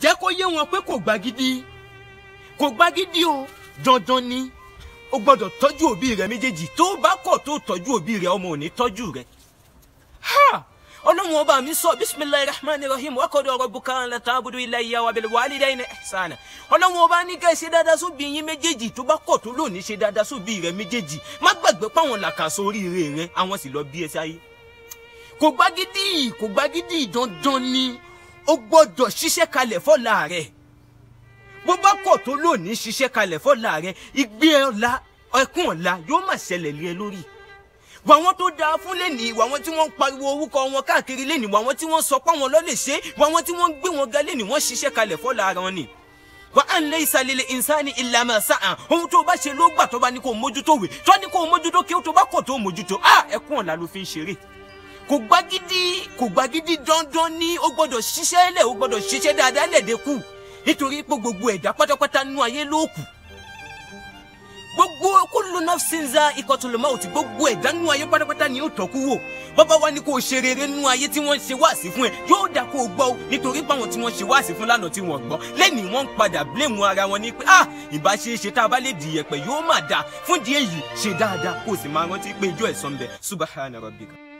jẹ́ kó yé wọn pé kò gbagidi kò gbagidi o dandan ni o gbọ́dọ̀ tọ́jú òbí rẹ méjèèjì tó o bá kọ̀ tó tọ́jú òbí rẹ ọmọ ò ní tọ́jú rẹ. ọlọ́run ọba mi sọ bisimilayi rahman rahim wakọ̀dọ̀ ọ̀rọ̀ bukan lẹ́tà abudu ilẹ̀ ìyá wa bẹ̀rẹ̀ wàhálì dẹ́yìn ẹ̀sán. ọlọ́run ọba ní ká ṣe dáadáa sún bí yín méjèèjì tó bá kọ̀ tó lónìí ṣe dáadáa sún bí rẹ méjèèjì má gbàgbé páwọn làkàṣọ oríire rẹ àwọn sì lọ bí ẹ sáyé. kò gbagidi kò gbagidi dandan ni o gbọ́dọ̀ ṣiṣẹ́ kalẹ̀ fọ́la rẹ̀ bó bá kọ̀ tó lónìí ṣiṣẹ́ kalẹ̀ fọ́la rẹ̀ ìgbé ọ̀la ẹkún ọ̀la yóò má ṣẹlẹ̀ lé ẹ lórí wà wọn tó dáa fún lẹ́nìí wà wọn tí wọ́n ń pariwo orúkọ wọn káàkiri lẹ́nìí wà wọn tí wọ́n sọ pé wọn lọ́lẹ̀ ṣe wà wọn tí wọ́n gbé wọn ga lẹ́nìí wọ́n ṣiṣẹ́ kalẹ̀ fọ́la ara ni wa an laysa lil insani illa ma sa'a ohun tó bá ṣe ló gbà tó bá ní kó mójútó wè tó ní kó mójútó kí ó tó bá kọ̀ tó mójútó ah ẹkún ọ̀la ló fi ń ṣeré kò gbagidi kò gbagidi dandan ní ó gbọ́dọ̀ ṣiṣẹ́ lẹ̀ ó gbọ́dọ̀ ṣiṣẹ́ dáadáa lẹ́ẹ̀dẹ́kù nítorí pé gbogbo ẹ̀dá pátápátá nínú ayé ló kù gbogbo kullu nafsin za'ikatul maut gbogbo ẹ̀dá nínú ayé pátápátá ni yóò tọ́kú wò bàbá wa ni kò ṣe rere nínú ayé tí wọ́n ṣe wáàsí fún ẹ yóò dà kó o gbọ́ o nítorí báwọn tí wọ́n ṣe wáàsí fún lánàá tí wọ́n gbọ́ lẹ́nìí wọ́n padà blame ara wọn ní pé ah ìbá ṣe é ṣe tá a bá lè di yẹ̀pẹ̀ yóò má dáa fún díẹ̀ yìí ṣe dáadáa kó o sì máa rántí pé ijó ẹ̀san ń bẹ subahana rabbika.